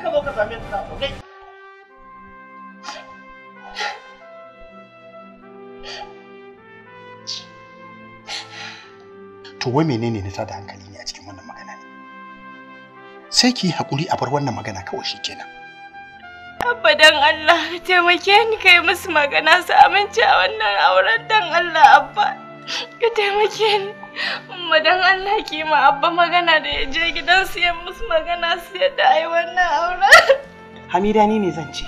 acabou o casamento, tá? Ok? to wai menene ta da hankali ne a cikin wannan magana ne sai ki hakuri a bar wannan magana kawai shikenan abba dan Allah ka taimake ni kai musu magana su amince a wannan auren dan Allah abba ka taimake ni kuma dan Allah ki ma abba magana da ya je gidan siyan musu magana su yadda ai wannan auren. Hamida ni ne zan ce.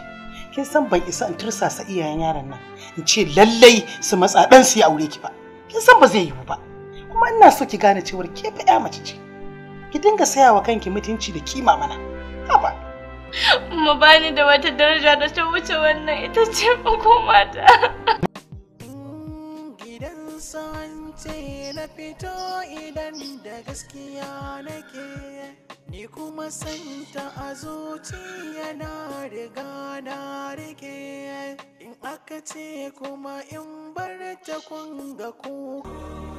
Kin san ban isa in tursasa iyayen yaran nan in ce lallai su matsa dan su ya aure ki ba. Kin san ba zai yiwu ba. Kuma ina so ki gane cewar ke fa ya mace ce. Ki dinga saya wa kanki mutunci da kima mana. Haba. Umma bani da wata daraja da ta wuce wannan ita ce fa ko mata. kusance na fito idan da gaskiya nake ni kuma santa a zuciya na riga na rike in aka ce kuma in bar ta ga kuku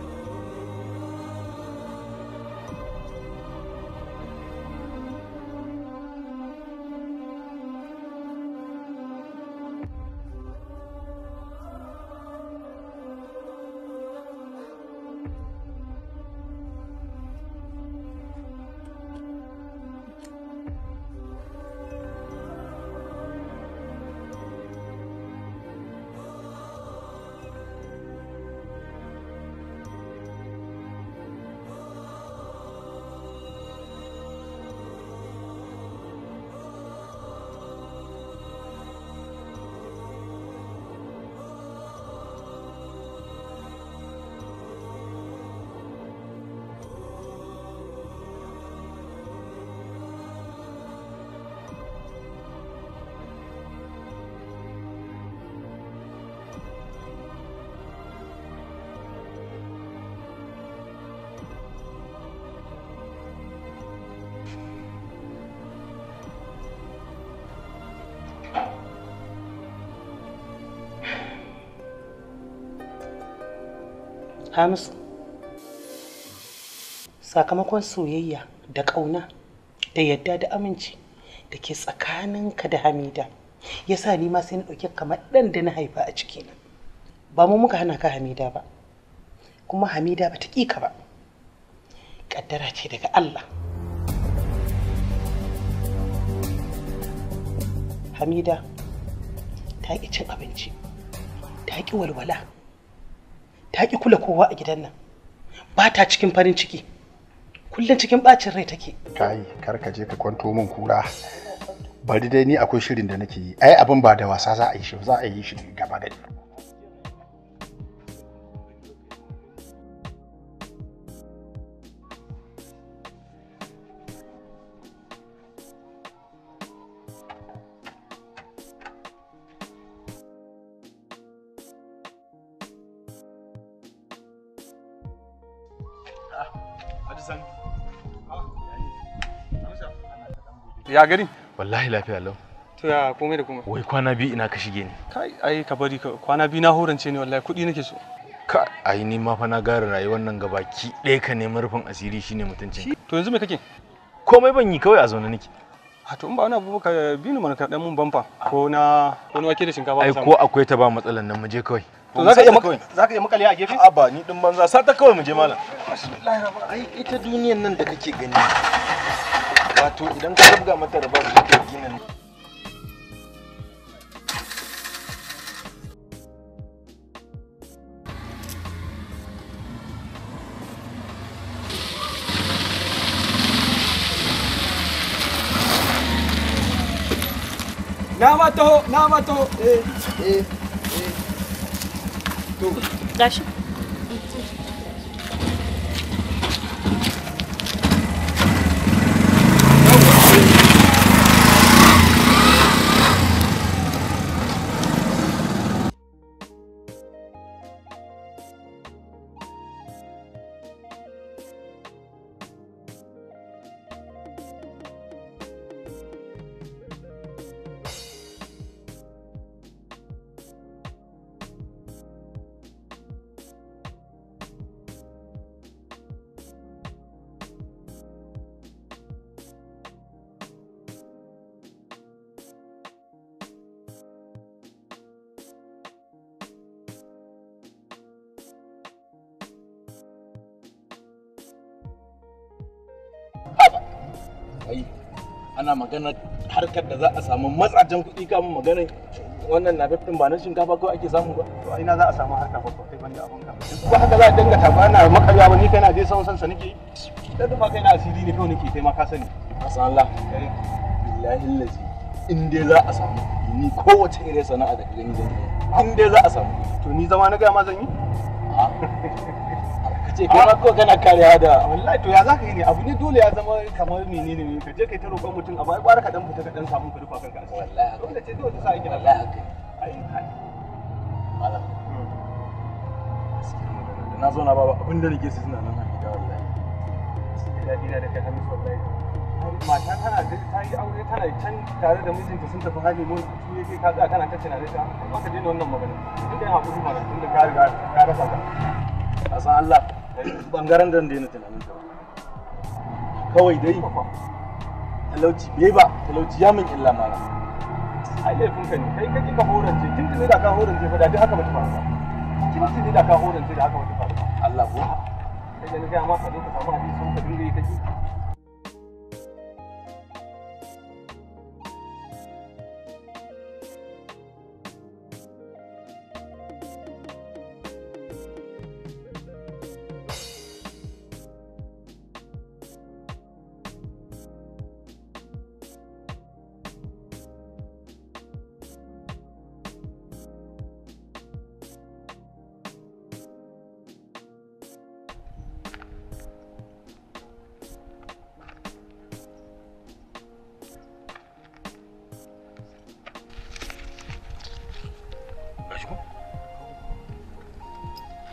Hamisu, sakamakon soyayya da ƙauna da yadda da aminci da ke tsakaninka da Hamida ya sa ni ma sai na ɗauke kamar ɗan da na haifa a cikina. Ba mu muka hana ka Hamida ba, kuma Hamida ba ta ƙi ka ba. Ƙaddara ce daga Allah. Hamida ta ƙi cin abinci, ta ƙi walwala. ta ki kula kowa a gidan nan ba ta cikin farin ciki kullum cikin bacin rai take kai kar ka je ka kwanto min kura bari dai ni akwai shirin da nake yi ai abin ba da wasa za a yi shi za a yi shi gaba da Ya gani. Wallahi lafiya lau. To ya komai da komai. Wai kwana biyu ina ka shige ni. Kai ai ka bari kwana biyu na horance ne wallahi kuɗi nake so. Ka ai ni ma fa na gara rayuwar nan gabaki ɗaya ka nemi rufin asiri shine mutuncin. To yanzu me kake? Komai ban yi kawai a zaune nake. A to in ba wani abu ka binu mana ka dan mun bamfa ko na wani wake da shinkafa. Ai ko akwai ta ba matsalan nan mu je kawai. To zaka iya makale a gefe? A ba ni din banza sa ta kawai mu je malam. ai ita duniyan nan da kake gani wato idan ka buga mata da babu kake ginin Na mato, na mato. Eh, eh, eh. ana magana harkar da za a samu matsajen kuɗi kan magana wannan na fifin ba na shinkafa ko ake samu ba to ina za a samu harka ba kai banda abun ka ba haka za a dinga tafa ana makarya ba ni kai na je sawun sansa nake da dufa kai na asiri ne kawai nake kai ma ka sani asan Allah eh, billahi lazi in dai za a samu ni kowace irin sana'a da gani zan yi in dai za a samu to ni zama na ga ma zan yi a'a ce kai ma ko kana kariya da wallahi to ya zaka yi ne abu ne dole ya zama kamar menene ne ka je kai ta roƙon mutum a bai kwara ka dan fita ka dan samu kuɗi kanka wallahi dole ce dole wallahi malam hmm. da na zo na baba abin da nake suna nan wallahi na da kai wallahi tana ta yi aure tana can tare da mijinta sun tafi hajji mun su ya kai kaza kana ta ta ba ka wannan magana duk da tun da ka riga ka rasa a san Allah bangaren da daina tunanin ta kawai dai talauci bai ba talauci ya min illa mara ai laifin ka ne kai kake ka horance tun tuni da ka horance fa da haka haka bata faru ba tun tuni da ka horance da haka bata faru ba Allah ko sai da ni ga ma ka dinka samu hadisin ka dinga yi kake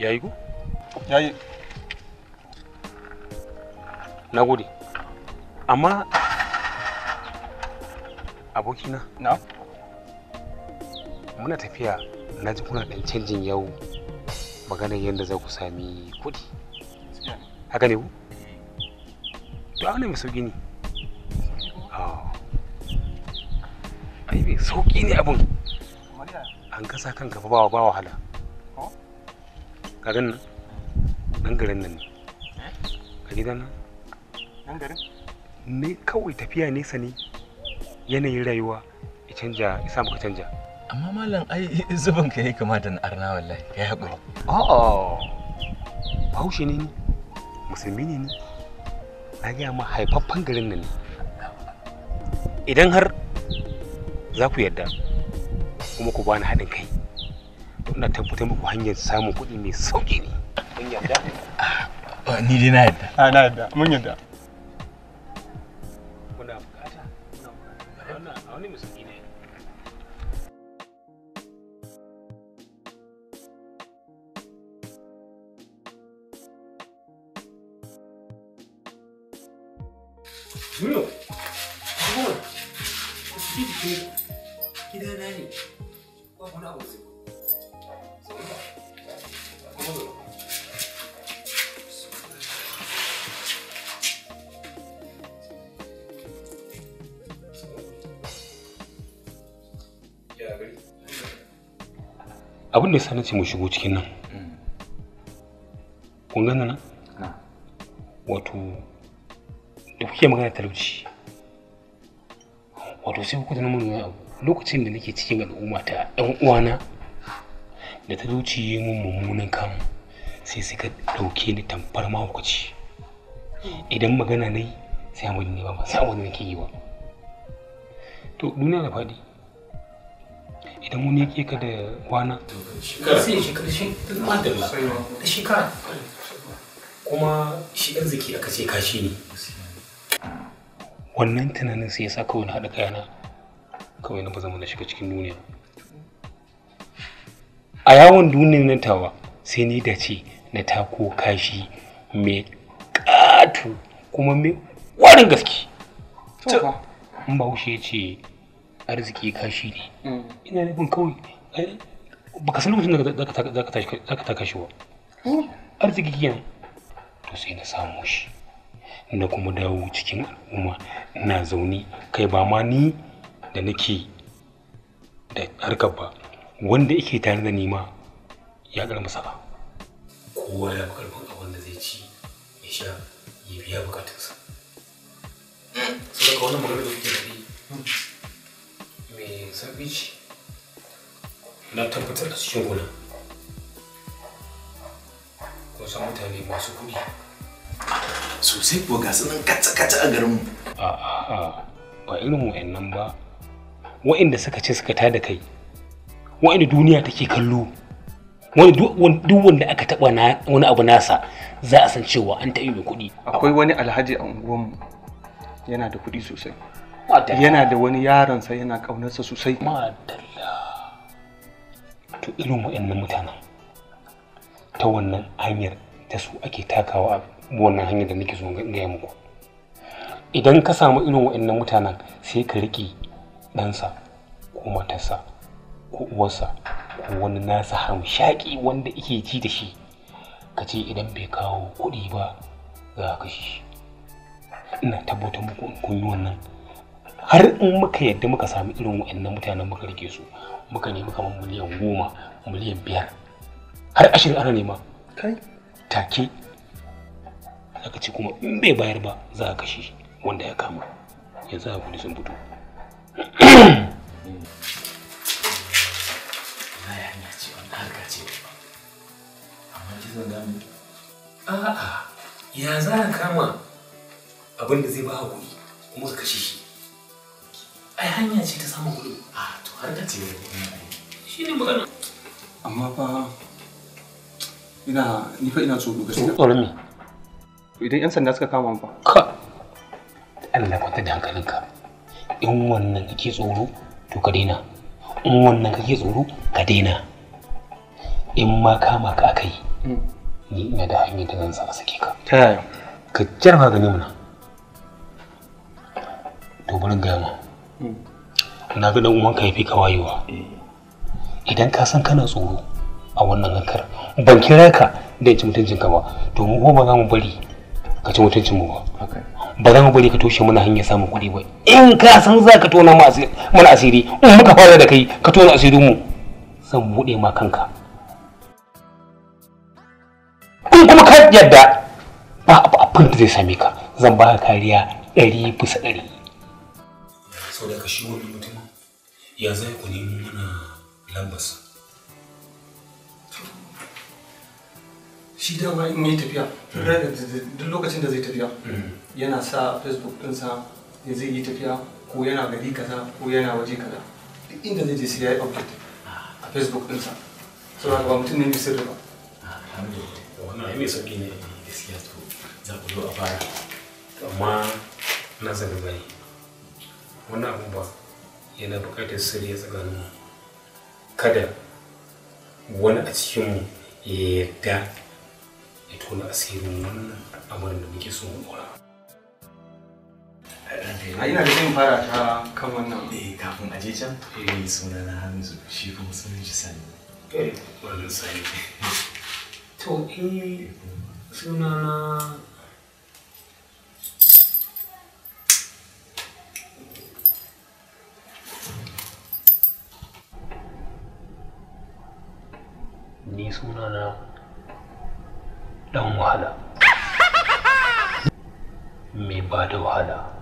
yayi ko yayi na gode amma abokina na muna tafiya na ji kuna dan canjin yau maganar yadda za ku sami kuɗi haka ne ku to a mai sauƙi ne oh. ai mai sauƙi ne abun an kasa kanka ba wa wahala garin nan nan garin nan ne eh? a gidan nan nan garin ne kawai tafiya nesa ne yanayin rayuwa ya canja ya sa muka canja amma malam ai zuban ka yayi kamata na arna wallahi kai hakuri a'a bahaushe ne ni musulmi ne ni na gaya ma haifaffen garin nan ne idan har za ku yarda kuma ku bani haɗin kai ina tabbatar muku hanyar samun kuɗi mai sauƙi ne. Mun yarda? Ah, ni dai na yarda. Ah, na yarda, mun yarda. abin da ya na ce mu shigo cikin nan mm. kun gana na wato da kuke magana talauci wato sai kuka mun abu lokacin da nake cikin al'umma ta ɗan uwana da talauci yi mun mummunan kamu sai suka ɗauke ni tamfar mahaukaci idan magana na yi sai a ne ba sai wani nake yi ba to duniya da faɗi idan wani yake ka da wana shekara sai shekara shi madalla da shekara kuma shi aka ce kashi ne wannan tunanin sai ya sa kawai na haɗa kayana kawai na ba zama na shiga cikin duniya a yawon duniyar na tawa sai ni da ce na tako kashi mai ƙato kuma mai warin gaske ba ya ce arziki kashi ne mm. ina nufin kawai baka san lokacin da ka ta kashi ba mm. arziki kenan to sai na samu shi na kuma dawo cikin al'umma na zaune kai ba ma ni da nake da harkar ba wanda yake tare da nima ya ƙarfi ba kowa ya fi ƙarfin abin da zai ci ya sha ya biya bukatunsa ka wani magana da kuke da ni mai sauƙi ce na tabbatar a cikin ko kusan mutane masu kuɗi sosai ko ga nan kaca-kaca a garinmu a'a ba irin wa'annan ba wa'inda suka ce suka tada kai wa'inda duniya take kallo wani duk wanda aka taba wani abu nasa za a san cewa an taɓa mai kuɗi akwai wani alhaji a unguwanmu yana da kuɗi sosai yana da wani yaronsa yana ƙaunarsa sosai madalla to irin wa'annan mutanen ta wannan hanyar ta su ake takawa a wannan hanyar da nake so gaya muku idan ka samu irin wa'annan mutanen sai ka riƙe ɗansa ko matarsa ko uwarsa ko wani nasa hamshaƙi wanda ike ji da shi ka ce idan bai kawo kuɗi ba za ka shi ina tabbatar muku kun yi wannan har in muka yadda muka sami irin wa'annan mutanen muka rike su muka nemi kamar miliyan goma miliyan biyar har ashirin ana nema kai take aka ce kuma in bai bayar ba za a kashe wanda ya kama yanzu a kudi sun fito A'a, ya za a kama abin da zai ba kuɗi kuma ka kashe shi. ai hanya ce ta samun kuɗi a to har ka ce shi ne magana amma fa ina ni fa ina so tsoro gaskiya tsoro me idan yan sanda suka kama fa ka Allah kwata da hankalinka in wannan kake tsoro to ka daina in wannan kake tsoro ka daina in ma kama ka akai hmm. ni ina da hanyar da zan sa sake ka ta yaya ka jar magani muna to bari gama na ga dan ka ya fi ka wayewa idan ka san kana tsoro a wannan hankar ban kira ka da ci mutuncin ka ba to mu ba za mu bari ka ci mutuncin mu ba ba za mu bari ka toshe mana hanyar samun kuɗi ba in ka san za ka tona mana asiri in muka fara da kai ka tona asirin mu zan buɗe ma kanka in kuma ka yadda ba abin da zai same ka zan ba ka kariya ɗari bisa ɗari sau da shi wani mutumin ya zai ku nemi mana lambas. shi dama in yi tafiya duk lokacin da zai tafiya hmm. yana sa facebook ɗinsa ya zai yi tafiya ko yana gari kaza ko yana waje kaza duk inda zai je sai ya yi update a facebook ɗinsa saboda ba mutum ne mai sirri ba alhamdulillah wannan ya mai sauki ne eh, gaskiya to za ku zo a fara amma na zaga wani abu ba yana buƙatar sirri tsakanin mu kada wani a cikinmu ya yarda ya tona asirin wannan amurin da muke so mu ɗora. a ina da zai fara ta kan wannan eh kafin a je can eh suna na su, shi kuma sunan shi Sani eh wannan Sani to eh suna na ni suna na dan wahala mai ba da wahala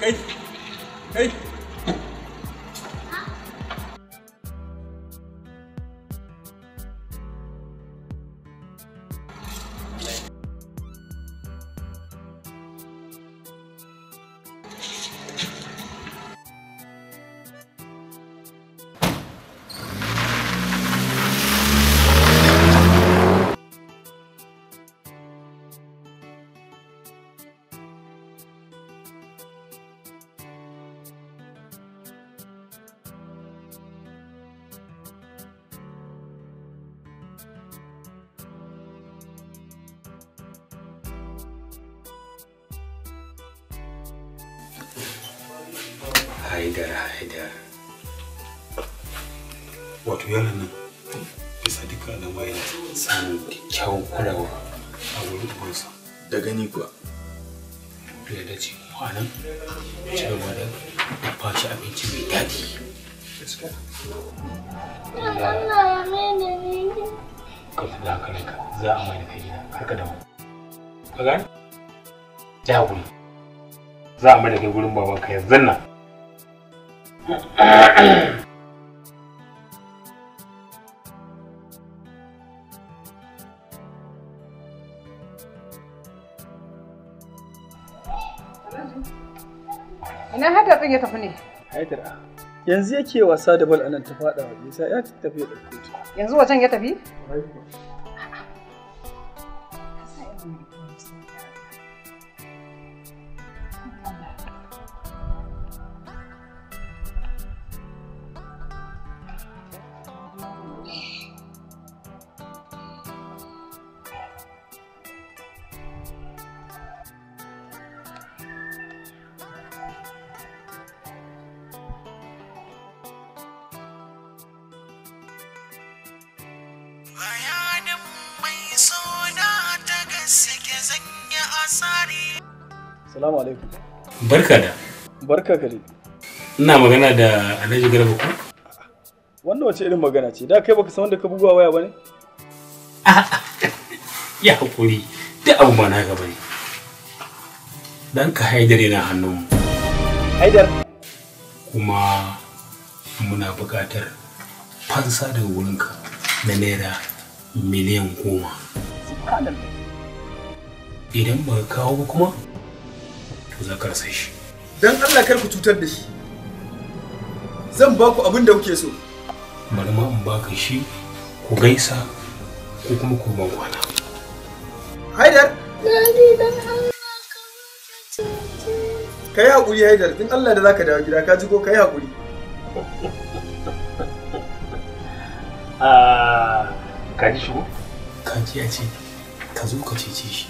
可以可以 abinci mai daɗi. Dan Allah ya mai da Ka fi da za a mai kai gida kar ka damu. Ka gane? Ja guri. Za a mai kai gurin babanka yanzu nan. Ina hadatsin ya tafi ne? haidara yanzu yake wasa da bal anan ta faɗawa, wa isa ya tafi ya ɗauke ta yanzu wajen ya tafi Salamu alaikum. Barka da. Barka gari. Ina magana da Alhaji Garba ko? Wannan wace irin magana ce? Da kai baka san wanda ka bugawa waya bane? Ya hakuri, duk abu ba na gaba ne. Dan ka haidare na hannun. Haidar. Kuma muna buƙatar fansa daga wurinka na naira miliyan goma. Subhanallah. idan ba kawo ba kuma to za ka rasa shi dan Allah kar ku cutar da shi zan ba ku abin da kuke so bari ma in ka shi ku gaisa ko kuma ku ban kwana haidar ka yi haƙuri haidar in Allah da zaka dawo gida ka ji ko ka yi haƙuri ah, ka ji shigo ka ji ya ce ka zo ka cece shi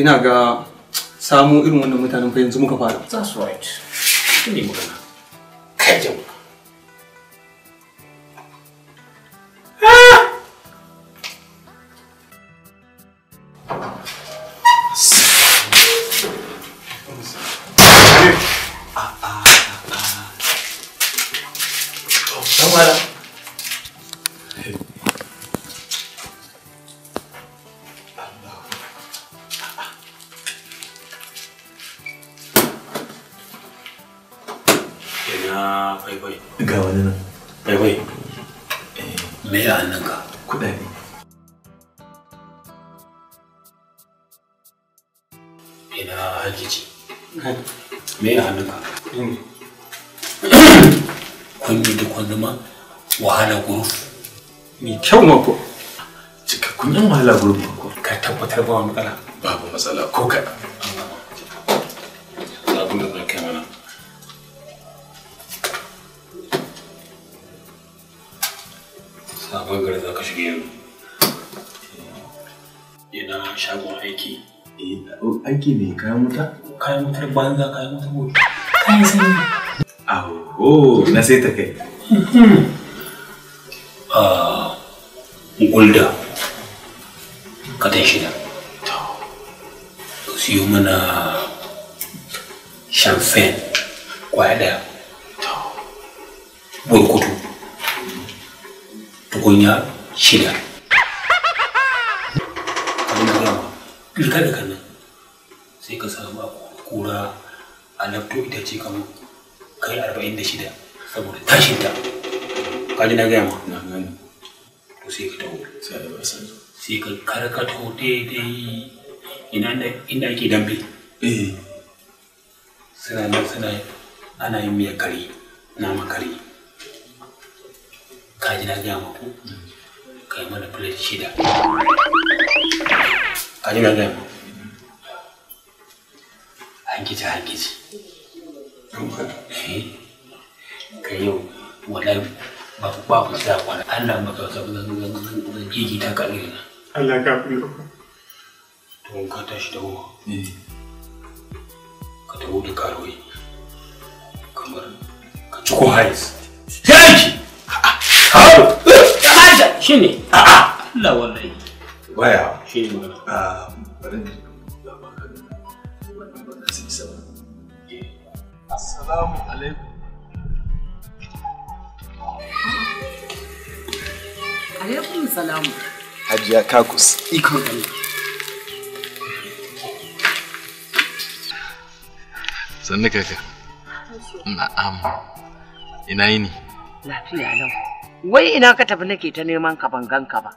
ina ga samu irin wannan mutanen fa yanzu muka fara that's right ne magana baibai ga wani nan baibai eh, me ya hannunka kuɗaɗe ina hakiji me ya hannunka kun yi duk wani ma wahala guruf mai kyau mako cikakkun yin wahala guruf mako ka tabbatar ba wa matsala babu matsala ko kaɗan aiki mai kayan wuta? Kayan wutar banza kayan wutar gobe. Kayan sanyi. Aho, na sai ta kai. Ah, Gulda, katan shida. Siyo mana shamfen kwaya ɗaya. Burkutu, tukunya shida. Abin da girka da kanan. sai ka samu kura a lafto ita ce kamar kai arba'in da shida saboda tashin ta kaji na gaya ma na gani to sai ka taho sai ka karkato daidai ina inda ake dambe eh. suna nan suna ana yin miyar kare nama kare kaji na gaya ma ko mm. kai mana plate shida kaji na gaya ma hankici hankici eh? ka yi wala ba ku ba ku sa kwana Allah ba zan zan zan ta ka Allah ka fi to eh. ka da ka ta kamar ka ci ko sai haja a'a Allah wallahi baya shi a ah, bari Assalamu alaikum. Alaikum salam. Hajiya Kakus, ikon gani. Sannu kaka. Na'am. Ina yini? Lafiya lau. Wai ina ka tafi nake ta neman ka ban ganka ba.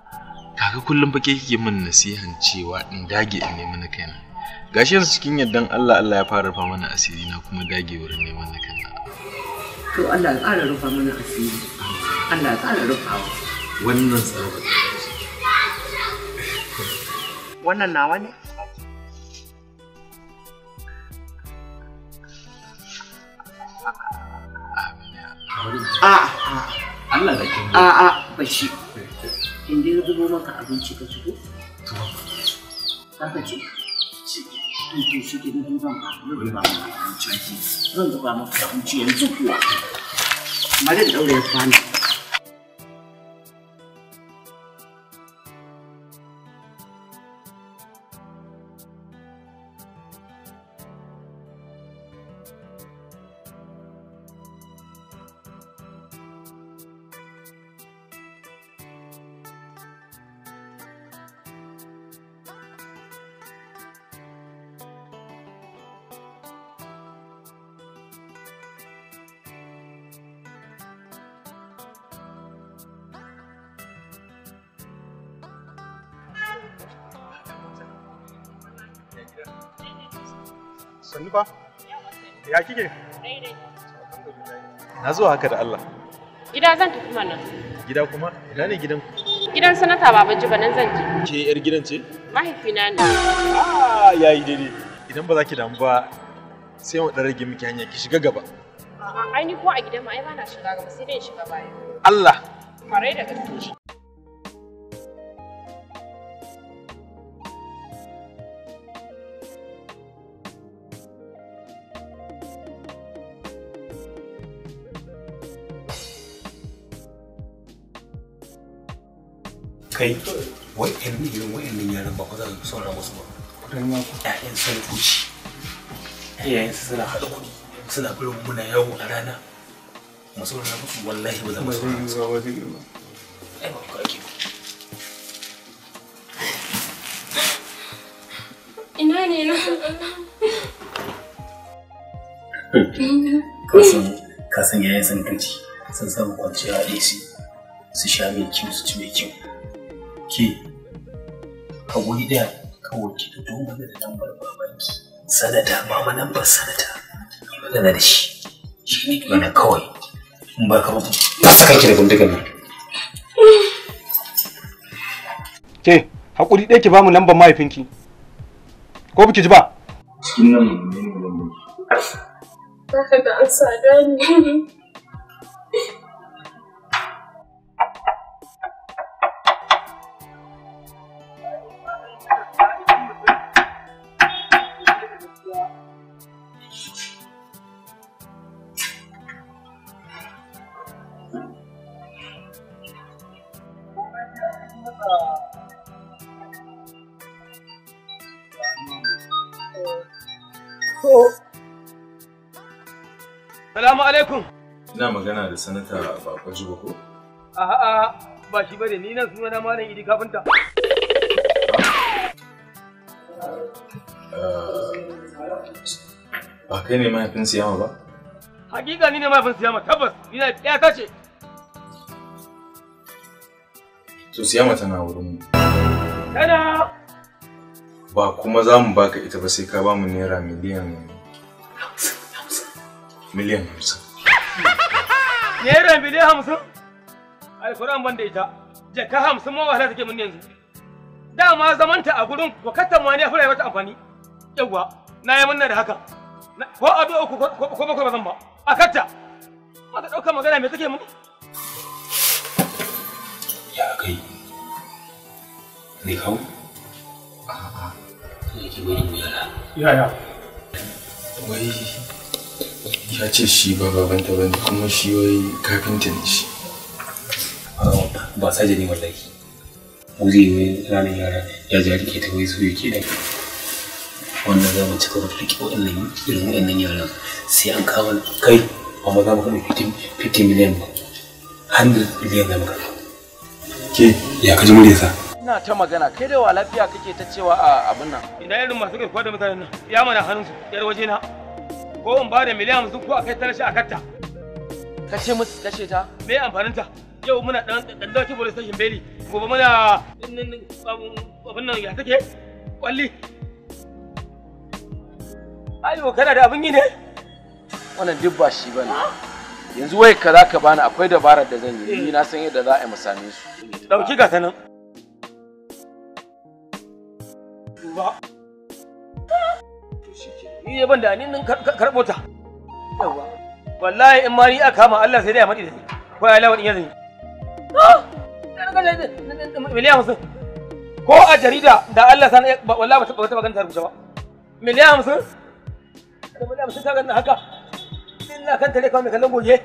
Kaka kullum fa ke kike min nasihan cewa in dage in nemi na kaina. gashi yanzu cikin yardan Allah Allah ya fara rufa mana asiri na kuma dage wurin neman na kanna to Allah ya fara rufa mana asiri Allah ya fara rufawa wannan tsaro wannan nawa ne Allah da kin a a bashi zubo maka abinci ka ci ko 你必是天天盯上他，认得他你全记，认得他吗？你全记不啊？买点牛肉翻。sannu ba ya kike na zuwa haka da Allah gida zan tafi mana gida kuma ina ne gidan gidan sanata baba ji nan zan je ke yar gidan ce mahaifina ne ah yayi daidai idan ba za ki damu ba sai mu dan rage miki hanya ki shiga gaba a'a ai ni ko a gidan ma ai ba na shiga gaba sai dai shiga baya Allah kare da gaske kai wa'yan irin wa'yan yaran ba za su saura musu ba ƴaƴan sun kuci suna haɗa kuɗi suna barin muna yawo a rana mu saura musu wallahi ba za mu saura musu ba ai ba ku ake kasan kasan yayin sun kwanciya a AC su sha mai kyau su ci mai kyau ke ka guri wuri ka kawai da fito mana da lambar babanki sanata ba ma lambar sanata magana da shi shi ne ki mana kawai in ba ka ba ba saka ki da bindigan nan ke hakuri ɗaya ki ba mu lambar mahaifinki ko biki ji ba cikin nan ne ne lambar ba ka da an sada ni magana da sanata Bako Jibo ko? A'a ba shi bane ni nan sunana Malam Idi Kafinta. Ah, ba kai ne mahaifin siyama ba? Hakika ni ne mahaifin siyama tabbas na ɗaya ta ce. To siyama tana wurin mu. Tana. Ba kuma za mu baka ita ba sai ka ba mu naira miliyan miliyan hamsin. Naira miliyan hamsin? Alkuran ban da ita. Jaka hamsin ma wahala take mun yanzu. Dama zamanta a gurin wakatan ma ne fura mata amfani. Yawwa, na yi munna da haka. Ko abu uku ko bakwai ba zan ba. A katta. Ma ta ɗauka magana me take mun? Ya kai. Ne kawo? A'a. Ne ya. wani yara. Yaya. Wai ya ce shi ba babanta ba ne kuma shi wai kafinta ne shi ah, ba saje ne wallahi wuri ne ranar yara ya ji rike ta wai su yake da wanda za mu cika wata rike wannan irin waɗannan yaran sai an kawo kai a maza za mu fitin miliyan ba hannun miliyan za mu ke ya kaji murya sa ina ta magana kai da wa lafiya kake ta cewa a abin nan ina irin masu garkuwa da mutanen nan ya mana hannun su yar waje na ko in ba da miliyan hamsin ko a kai talashi a katta. Ka ce musu kashe ta? Me amfaninta? Yau muna ɗan ɗauki police station beli, gobe muna abin nan ya take kwalli. Ayo kana da abin yi ne? Wannan duk ba shi bane. Yanzu wai ka za ka bani akwai dabarar da zan yi, ni na san yadda za a yi mu same su. Ɗauki gata nan. Duba. ni dai ban da ni nan karɓo ta yawa wallahi in ma ni aka kama Allah sai dai a madi da ni ko ya lawan iya zan ah! miliyan hamsin ko a jarida da Allah sana wallahi ba ta wata ta rubuce ba miliyan hamsin da miliyan hamsin ta ganin haka ina kan tare kawai mai kallon goje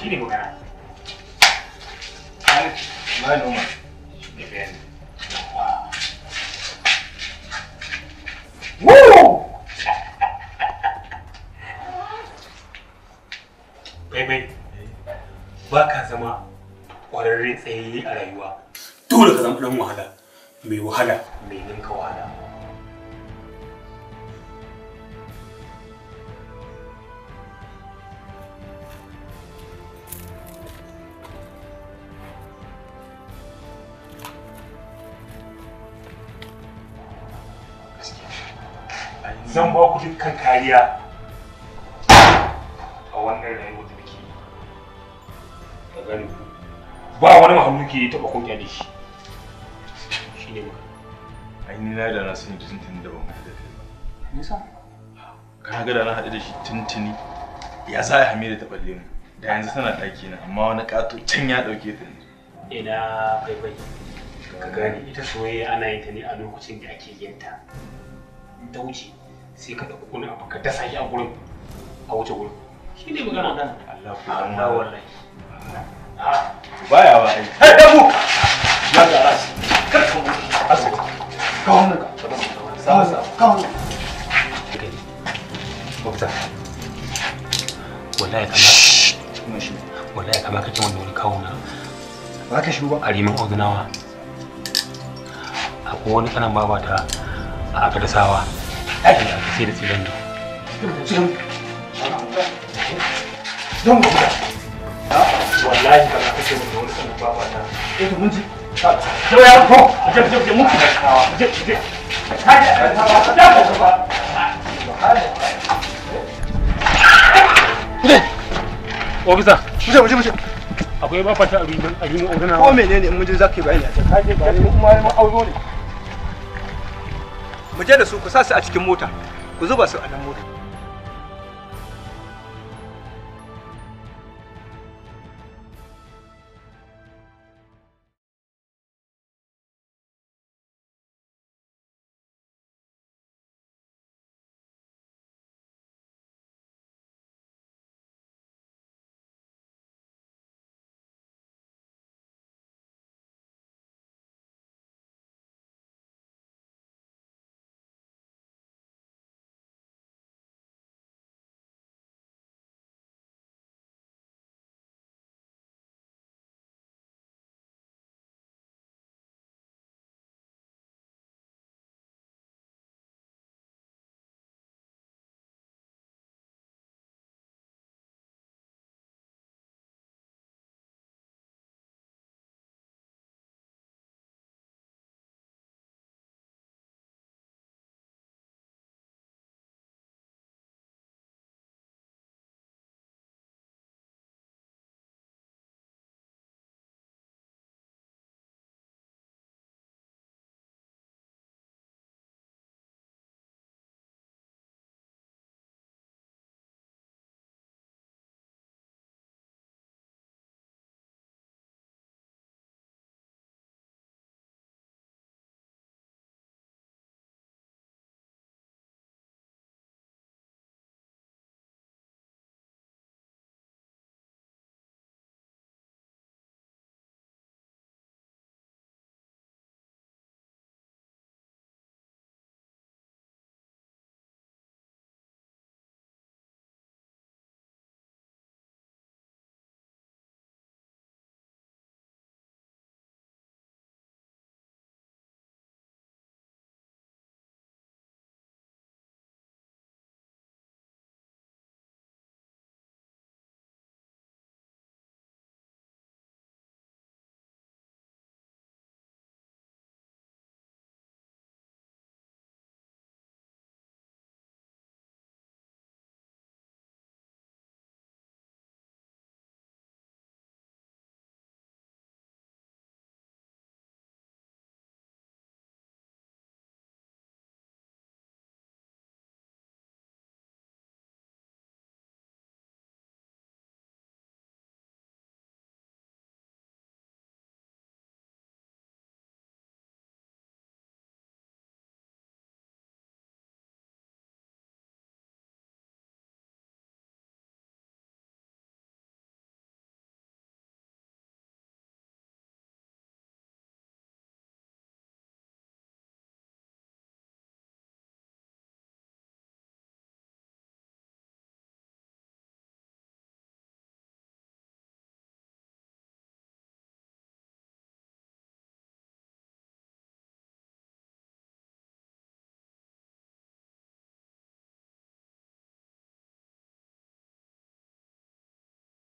shi ne magana maluma shi ne bayani baibai ba ka zama ƙwararre tsayayye a rayuwa dole ka a ɗan wahala mai wahala mai ninka wahala ku dukkan kariya a wannan rayuwar da muke da gani ku ba wani mahallu ke taɓa kun da shi shi ne muka ainihin na da na sani tuntuni da ban haɗu da kai ba nisa ka ga da na haɗu da shi tuntuni ya sa ya hame da taɓalle mu da yanzu tana ɗaki na amma wani ƙato can ya ɗauke ta ne ina baibai ka gane ita soyayya ana yin ta ne a lokacin da ake yin ta ta wuce sai ka ɗauki wani abu ka dasa shi a gurin a wuce gurin shi ne magana nan Allah ku Allah wallahi baya ba ai kai da mu ya ga rashi kar ka mu asu ka wannan ka sa sa ka wannan bokta wallahi shi wallahi kama kake wanda wani kawo na ba ka shi ba a riman oginawa akwai wani kanan babata a aka dasawa sai da tsirin da don ba ku da wallahi ba na kashe mutum wani sanin baba ta eh to mun ji Jauh ya, kau, jauh jauh jauh mungkin. Jauh jauh. Ada, ada, ada, ada. Kuɗe! Ofisa! Muje, muje, muje! Akwai ba fata a rimin a rimin ogana. Ko menene in muje Ku je da su ku sa su a cikin mota ku zuba su a nan mota